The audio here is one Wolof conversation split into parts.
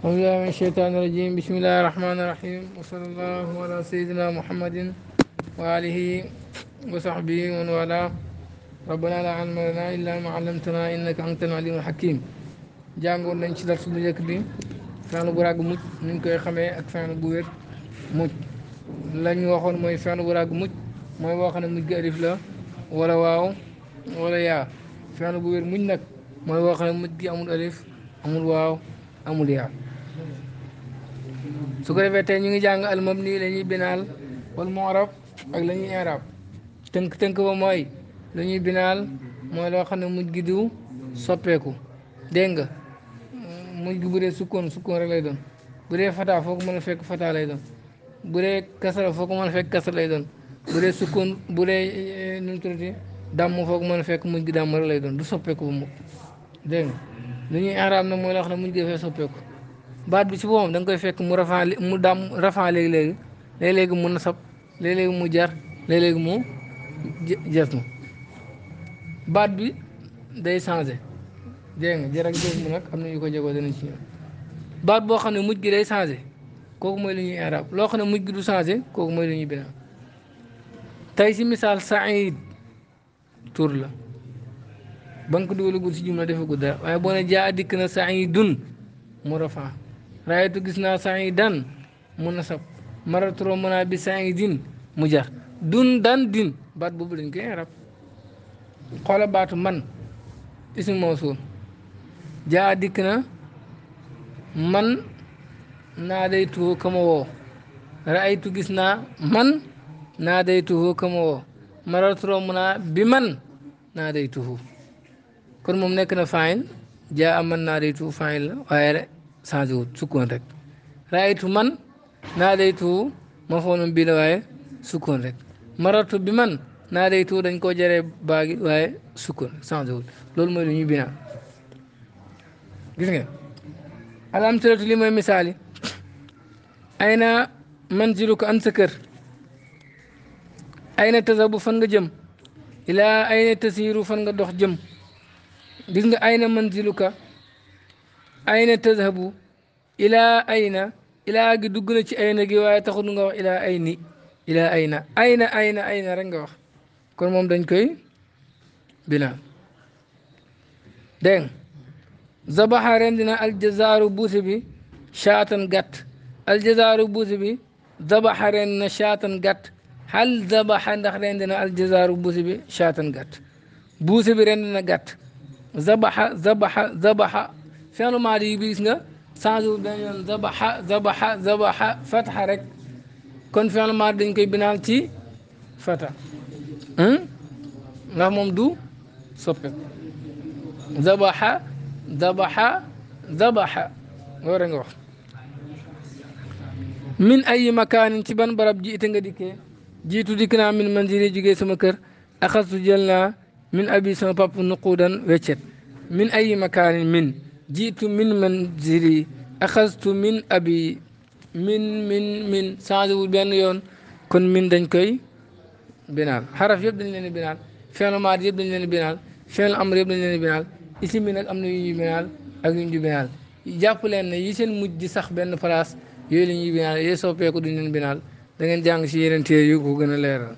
أعوذ من الشيطان الرجيم بسم الله الرحمن الرحيم وصلى الله على سيدنا محمد وآله وصحبه ومن والاه ربنا لا علم لنا إلا ما علمتنا إنك أنت العليم الحكيم جانغول نانج سي درس بو جيك بي فان بو راغ موت نين كاي خامي اك فان بو وير موت لا ني واخون موي فان بو راغ موت موي بو خامي موت غريف لا ولا واو ولا يا فان بو وير موت نك موي بو خامي موت بي امول الف امول واو امول يا yeah. su ko defee tey ñu ngi jàng al mabni la ñuy binaal wal mu'rab ak la ñuy i'rab tënk tënk ba mooy la binaal mooy loo xam ne mujj gi du soppeeku dégg nga mujj gi bu dee sukkoon sukkoon rek lay doon bu dee fataa foo ko mën fekk fataa lay doon bu dee kasara foo ko mën lay doon sukkoon bu dee eh, nu mu tuddati dàmm foo mën a fekk mujj gi dàmm rek lay doon du soppeeku ba mu dégg nga lu ñuy i'rab mooy loo na ne mujj gi dafay soppeeku. baat bi si boppam danga koy fekk mu rafan mu dam rafan léegi-léegi léegi-léegi mu nasab léegi mu jar léegi-léegi mu jasmu baat bi day changé dégg nga jar ak jasmu nag am na ñu ko jegoo danañ ci ñëw baat boo xam ne mujj gi day changé kooku mooy lu ñuy arab loo xam ne mujj gi du changé kooku mooy lu ñuy beneen tey si misaal saïd tur la ba nga ko dugalagul si jumla defagul dara waaye boo ne jaa dikk na saïdun mu rafan raayatu gis naa saa yi daan mu nasab maraturo mën bi saa yi din mu jar dun daan din baat boobu dañ koy arab xoola man ismu mawsuul jaa dikk na man naa day tuhu kama woo raaytu gis naa man naa day tuhu kama woo maraturo mën naa bi man naa day tuhu kon moom nekk na faayil jaa man naa day tuhu faayil la changé wut sukkoon rek raaytu man naa daytu ma foonoon bii waaye sukkoon rek maratu bi man naa daytu dañ koo jaree baagi waaye sukkoon changé wut loolu mooy lu ñuy binaa gis nga alamtiratu li mooy misaali ay na manzilu ko an sa ay na tasabu fan nga jëm ilaa ay na tasiiru fan nga dox jëm gis nga ay na manzilu ayna tadhabu ilaa ayna ilaa gi dugg na ci ayna gi waaye taxul nga wax ilaa ayni ilaa ayna ayna ayna ayna rek nga wax kon moom dañ koy bina dégg zabaxa rendi na aljazaaru buusi bi shaatan gàtt aljazaaru buusi bi zabaxa rendi na shaatan gàtt hal zabaxa ndax rendi na aljazaaru buusi bi shaatan gàtt buusi bi rendi na gàtt zabaxa zabaxa zabaxa فانو ما دي بيسنا سانزو بنيون ذبح ذبح ذبح فتح رك كون فانو ما دي نكاي بنال تي فتح ها لا موم دو سوبي ذبح ذبح ذبح غورنغ وخ من اي مكان تي بن برب جي اتي غدي كي جيتو ديكنا من منزلي جوغي سما كير اخذت جلنا من ابي سما باب نقودا وچت من اي مكان من jiitu min manzili axastu min abi min min min changé wul benn yoon kon min dañ koy binaal xaraf yëpp dañ leen di binaal fi'lu maadi yëpp dañ leen di binaal fi'lu yëpp dañ leen di binaal isim bi am na yu ñuy binaal ak yu ñu binaal jàpp leen ne yi seen mujj di sax benn place yooyu la ñuy binaal yooyu soppeeku duñ leen binaal da jàng si yeneen téere yu ko gën a leeral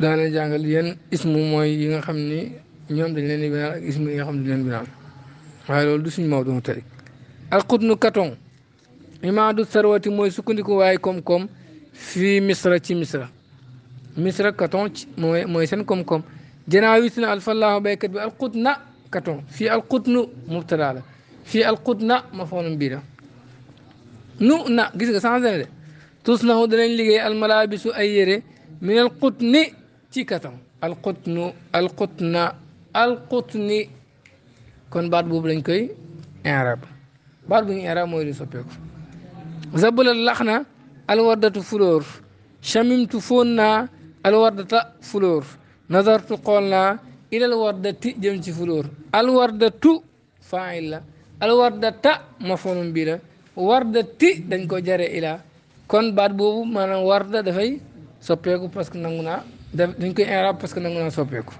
daa jàngal yéen ismu mooy yi nga xam ni ñoom dañ leen di binaal ak yi nga xam ne dañ leen binaal waaye loolu du suñu mawdu tey alxudnu katon imaadu sarwati mooy sukkandiku waaye koom-koom fii misra ci misra misra katon ci mooy mooy seen koom-koom janaa wis na alfallaahu baykat bi alxudna katon fii alxudnu mubtada la fii alxudna ma foonam bii la nu na gis nga changé na de tus nahu danañ liggéey almalaabisu ay yére min alxutni ci katon alxutnu alxutna alxutni kon baat boobu dañ koy inrab baat bu ñu inrab mooy di soppeeku zabulal lax na alwardatu fulóor chamimtu foon naa alwardata fulóor nazartu xool naa ilal wardati jëm ci fulóor alwardatu faayil la alwardata mafoonum bi la wardati dañ ko jare ila kon baat boobu maanaam warda dafay soppeeku parce que nangu naa dañ koy na parce que nangu naa soppeeku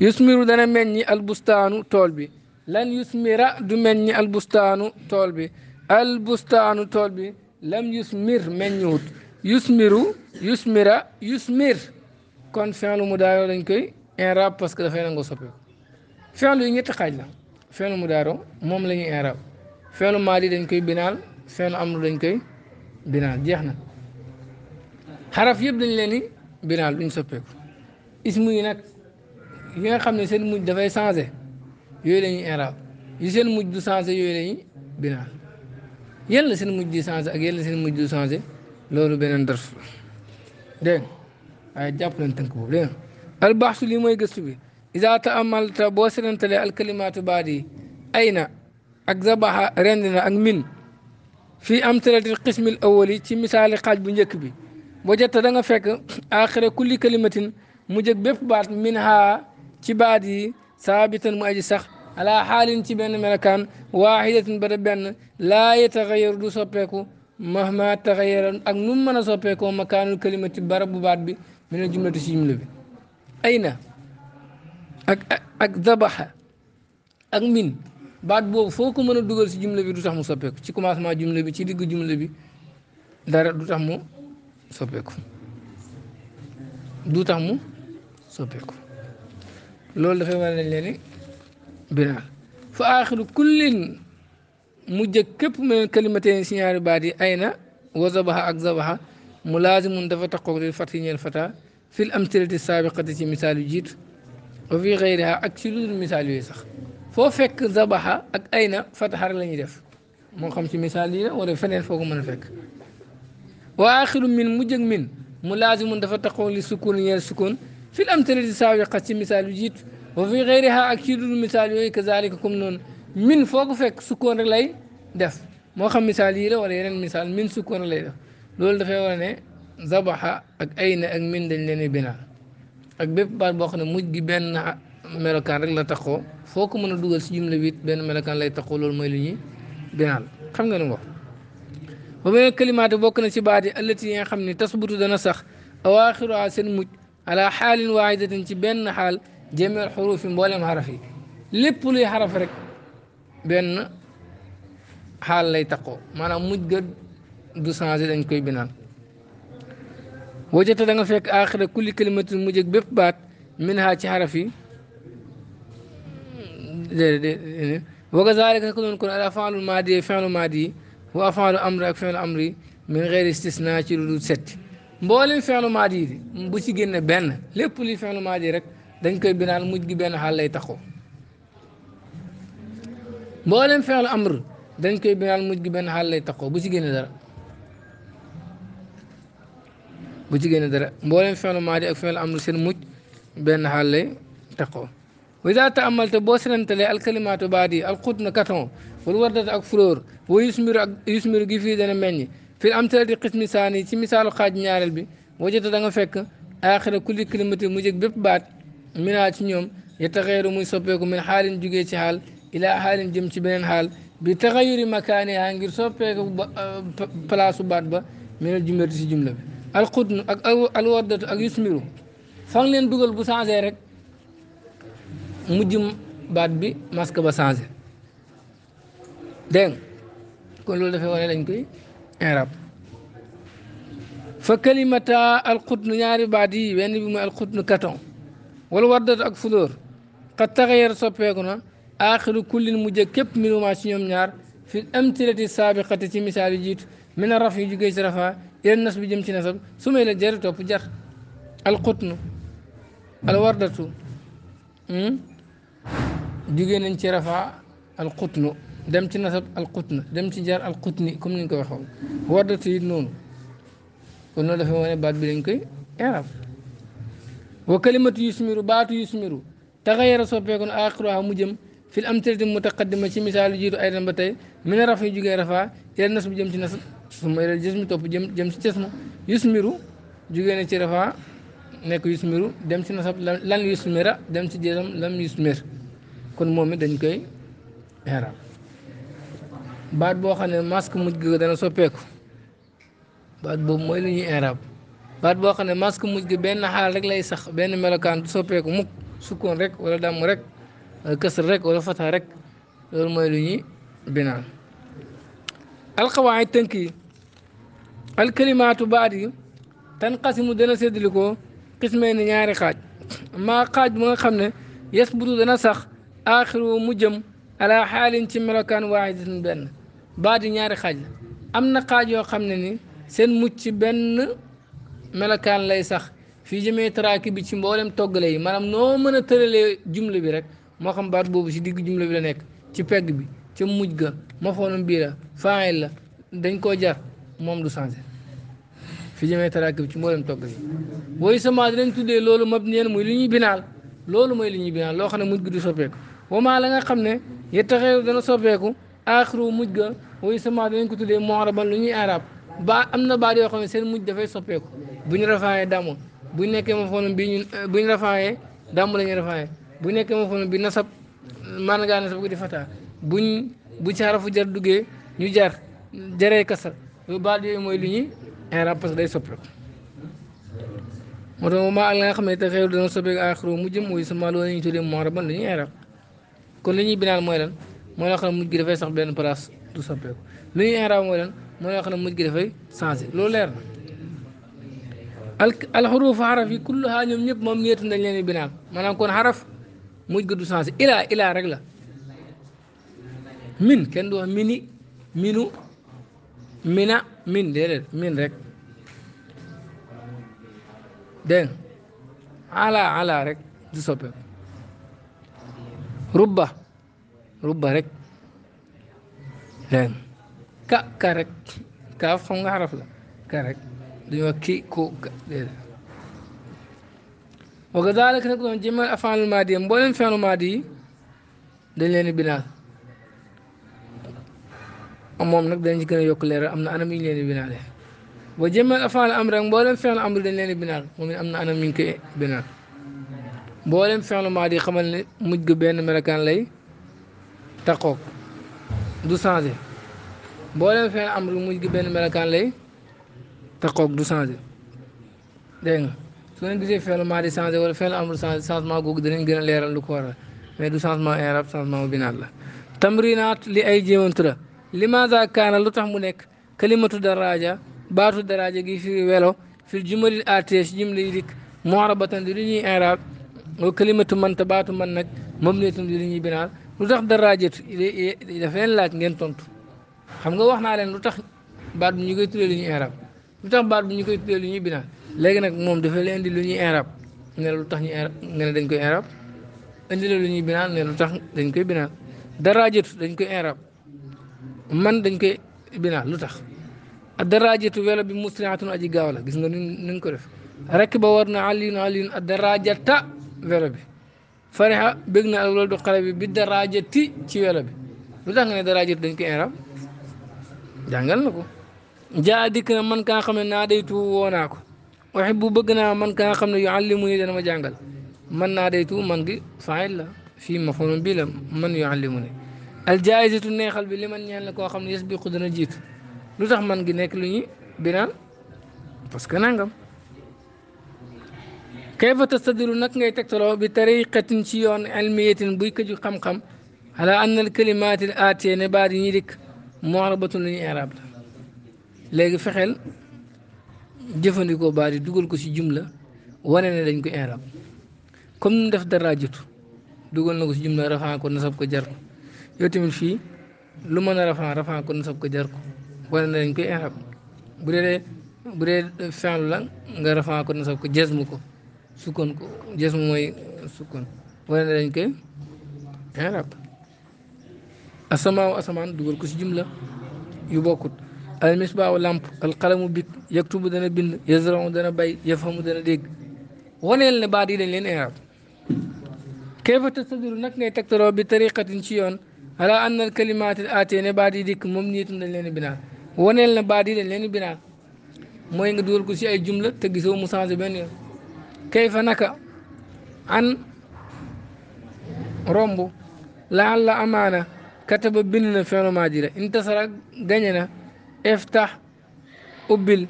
yusmiru dana meññi albustaanu tool bi lan yusmira du meññi albustaanu tool bi albustaanu tool bi lam yusmir meññiwut yusmiru yusmira yusmir kon fi'lu mudaaro dañ koy inrab parce que dafay nangu soppeeku fi'lu yi ñetti xaaj la fi'lu mudaaro moom lañuy ñuy inrab fi'lu maadi dañ koy binaal fi'lu amru dañ koy binaal jeex na xaraf yëpp dañ leen ni binaal duñ soppeeku ismu yi nag yi nga xam ne seen muj dafay changé yooyu la ñuy iraab yi seen muj du changé yooyu la ñuy binaa yàlla seen muj di changé ak yàlla seen muj du changé loolu beneen darf dégg nga waaye jàpp leen tënk boobu dégg nga albaaxsu lii mooy gëstu bi iza ta boo seetantalee alkalimaatu baat yi ay na ak zabaxa rend na ak min fii am talatil qismil awali ci misaali xaaj bu njëkk bi boo jot da nga fekk axira kulli kalimatin mu jëg bépp baat min haa ci baat yi saabitan mu aji sax ala xaalin ci benn melakaan waaxidatin ba da benn laa yataxayaru du soppeeku mahma taxayara ak nu mu mën a soppeekoo makaanul kalimati barab bu baat bi min al jumlati ci jumla bi ayna ak ak dabaxa ak min baat boobu foo ko mën a dugal si jumla bi du tax mu soppeeku ci commencement jumla bi ci digg jumla bi dara du tax mu soppeeku du tax mu soppeeku لول دا فيمال نلاني بلال فاخر كل مجا كيب من كلمتين سيار بادي اينا وزبها اكزبها ملازم دفا تقوري فتي الفتا في الامثله السابقه تي مثال جيت وفي غيرها اكثر من مثال يسخ فو فك زبها اك اينا فتح لا ني ديف مو مثال لي ولا فنن فوكو من فك واخر من مجا من ملازم دفا تقوري سكون يل سكون في الأمثلة السابقة مثال جيت وفي غيرها أكيد المثال كذلك كمنون من فوق فك سكون لي دف ما خم مثال يلا ولا يرن مثال من سكون لي دف لول دفع ولا زبحة أين أك من دلني بنا أك بار بخن مجد بين ملكان رجل تخو فوق من الدول سيم لبيت بين ملكان لا تخو لول بنا خم غنم وح ومن الكلمات بوكنا سبادي التي يخمني تصبر دنا سخ أواخر عسن مجد على حال واحدة تبين حال جميع الحروف مولم حرفي لب لي حرف رك بين حال لي تقو مانا مجد دو سانزي إن كوي بنان وجدت فيك آخر كل كلمة مجد ببات منها تحرفي وكذلك تكون نكون على فعل الماضي فعل الماضي وأفعل أمر أك فعل أمري من غير استثناء تلو ست mboolem fi'lu maadi yi bu ci génne ben lépp li fi'lu maadi rek dañ koy binal mujj gi ben xaal lay taxaw mboolem fi'lu amr dañ koy binal mujj gi ben xaal lay taxaw bu ci génne dara bu ci génne dara mboolem fi'lu maadi ak fi'lu amr seen mujj benn xaal lay taxaw وإذا تأملت بوسنا تلي الكلمات بادي القطن كتون والوردة أكفرور ويسمر يسمر جفيدنا مني am fil amtalati qismi saani ci misaalu xaaj ñaareel bi wajata da nga fekk aaxira kulli kalimati mu jëg bépp baat minaa ci ñoom yetaxeeru muy soppeeku min xaalin jugee ci xaal ilaa xaalin jëm ci beneen xaal bi taxayuri makaani yaa ngir ba euh, palaasu baat ba minal jumlati si jumla bi alxudnu ak alwardatu ak yusmiru fa leen dugal bu changé rek mujj baat bi masque ba changé dégg kon loolu dafay wane lañ koy إعراب فكلمة القطن ياري بعدي بني بما القطن كتون والوردة أكفلور قد تغير صبيقنا آخر كل مجكب من ما سيوم نار في الأمثلة السابقة تمثال جيت من الرفع جيش رفع إلى النصب جمت نصب ثم إلى جر القطن الوردة جيجين رفع القطن dem ci nasab alqutna dem ci jaar alqutni comme ni ñu ko waxoon wardatu it noonu kon loolu dafay wane baat bi dañ koy eraf wa kalimatu yusmiru baatu yusmiru taxayara soppeekoon axiruha mu jëm fil amtilati mutaqaddima ci misaal jiitu ay dan ba tey mi ne raf yu jugee rafaa ila nasab jëm ci nasab suma ila jësmi topp jëm jëm ci jësma yusmiru jugee na ci rafaa nekk yusmiru dem ci nasab lan yusmira dem ci jësam lam yusmir kon moom it dañ koy eraf baat boo xam ne masque mujj ga dana soppeeku baat boobu mooy li ñuy irab baat boo xam ne masque mujj ga benn xaal rek lay sax benn melokaan du soppeeku mukk sukkoon rek wala dàmm rek wala kësar rek wala fata rek loolu mooy lu ñuy binaan alxawaay tënk yi alkalimaatu baat yi tan xasimu dana séddali ko xismee ni ñaari xaaj maa xaaj bu nga xam ne yes budu dana sax aaxiru mu jëm ala xaalin ci melokaan waaxidatin benn baati ñaari xaaj la am na xaaj yoo xam ne ni seen mucc benn melakaan lay sax fii jëmee taraaki bi ci mboolem toggale yi maanaam noo mën a tëralee jumla bi rek moo xam baat boobu ci digg jumla bi la nekk ci peg bi ci mujj ga mafoonam bii la faay la dañ koo jar moom du changé fi jëmee taraaki bi ci mboolem toggale yi woyu sama dinañ tuddee loolu mabniyan muy li ñuy binaal loolu mooy li ñuy binaal loo xam ne mujj gi du soppeeku wamaa la nga xam ne yettaxeeru dana soppeeku aaxiru mujj ga woyu sama dinañ ko tuddee mu'raban lu ñuy arab ba am na baat yoo xam ne seen mujj dafay soppeeku bu ñu rafaayee damm bu ñu nekkee mafoon bi ñu euh, bu ñu rafaayee damm la ñu rafaayee bu ñu nekkee mafoon bi nasab maanaam ngaa nasab ko di fataa buñ bu ci xarafu jar duggee ñu jar jaree kasar loolu mooy lu ñuy arab parce day soppeeku moo tax moom ak xam ne te xeeru dana soppeeku aaxiru mujjam woyu sama loolu la ñuy tuddee mu'raban lu ñuy kon li ñuy mooy lan mooy loo xam ne mujj gi dafay sax benn place du soppeeku lu ñuy iraab mooy lan mooy loo xam ne mujj gi dafay changé loolu leer na al alxuruf xaraf yi kulluha ñoom ñëpp moom ñeetu dañ leen binaam maanaam kon xaraf mujj gi du changé ilaa ilaa rek la min kenn du wax minu mina min déedéet rek dégg ala ala rek du soppeeku rubba rubba rek لان كا كارك كاف خونغ عرف لا كارك دو كي كو كا دي وكذلك نقول جمع افعال الماضي مبولن فعل الماضي دي لين بنا امم نك دنج كنا يوك لير امنا انا مي لين بنا لي وجمع افعال الامر مبولن فعل الامر دي لين بنا ومن امنا انا مي كي بنا مبولن فعل الماضي خمل مجب بين مركان لي تقوك du changé mbooleem fenn am lu mujj gi benn melokaan lay taqoog du changé dégg nga su leen gisee maa di changé wala fenn amul changé changement googu dinañ gën a leeral lu ko waral mais du changement i'raab changement binaat la tamrinaat li ay jéemantu la limaza kaana lu tax mu nekk kalimatu daraja baatu daraja gi firi welo fil jumalil aatiya si jumla yi dikk mu'rabatan di lu ñuy i'raab wa kalimatu man baatu man nag mabniyatun di lu lu tax daraajatu daf leen laaj ngeen tontu xam nga wax naa leen lu tax baat bu ñu koy tuddee lu ñuy irab lu tax baat bu ñu koy ñuy binaa léegi nag moom dafa leen di lu ñuy irab ne lu tax ñu irab ne dañ koy irab indi la ñuy binaa ne lu tax dañ koy binaa daraajatu dañ koy irab dañ koy binaa lu tax daraajatu welo bi musriatun aji gaaw la gis nga nu ñu ko def rek ba war na aliyun aliyun darajata welo bi fariha bég na al waladu xale bi bi daraajati ci welo bi lu tax nga ne daraajati dañ ko inrab jàngal na ko jaa dikk na man ka nga xam ne naa daytu woo naa ko waxe bu bëgg naa man ka nga xam ne yu allimu ni dana ma jàngal man naa daytu man gi faayil la fii mafulun bi la man yu allimu ni aljaayisatu neexal bi li man ñaan la koo xam ne yes bi ku dana jiitu lu tax man gi nekk lu ñu binaan parce que nangam كيف تستدل نكنا تكتر بطريقة شيون علمية بيك جو خم خم على أن الكلمات الآتية نبار يريك معربة للإعراب لكن فخل جفن ديكو باري دوغل كو سي جملة وانا ندنكو إعراب كم ندف دراجت دوغل نكو سي جملة رفعان كو نصب كو جر يوتم في لمن رفعان رفعان كو نصب كو جر وانا ندنكو إعراب بريد بريد فعل لان نغرفان كو نصب كو جزمكو sukkoon ko jism mooy sukkoon wala dañ koy arab asamaaw asamaan dugal ko si jumla yu bokkut al misbaaw lamp al qalamu bik yaktubu dana bind yazraw dana bay yafhamu dana dégg waneel ne baat yi dañ leen arab kayfa tastadiru nag ngay tegtaloo bi tariqatin ci yoon ala anna al kalimaat al aatee ne baat yi dikk moom nii itam dañ leen binaat waneel ne baat yi dañ leen binaat mooy nga dugal ko si ay jumla te gisoo mu changé benn yoon كيف نكا عن رومبو لا لعل أمانة كتب بيننا فعل ما جرى انتصر غنينا افتح أبل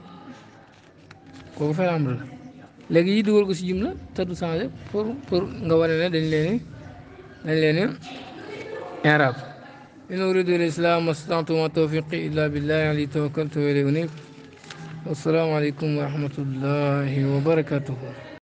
كيف الأمر لكن يدو ورقو سي جملة تدو سانجة فور فور نغوالينا دن ليني يعني. دن ليني يعني. عرب إن أريد الإسلام استطعت ما توفيقي إلا بالله علي توكلت وإلي أنيب والسلام عليكم ورحمة الله وبركاته